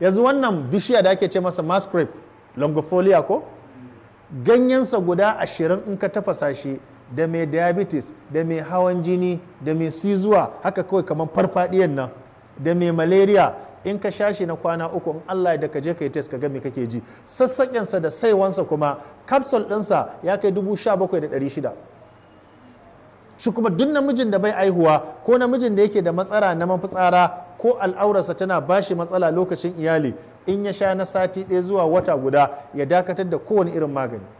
yanzu wannan bishiya da ake ce masa masquerade longifolia ko ganyensa guda ashirin in ka tafasa shi da mai diabetes da mai hawan jini da mai sizuwa haka kawai kamar farfadiyan nan da mai malaria in ka sha shi na kwana uku in Allah da ka je ka yi test ka ga me kake ji sassaƙensa da saiwansa kuma capsule ɗinsa ya kai dubu sha bakwai da ɗari shida shi kuma duk namijin da bai aihuwa ko namijin da yake da matsara na mafitsara ko al'aurarsa tana bashi matsala lokacin iyali in ya sha na sati ɗaya zuwa wata guda ya dakatar da kowane irin magani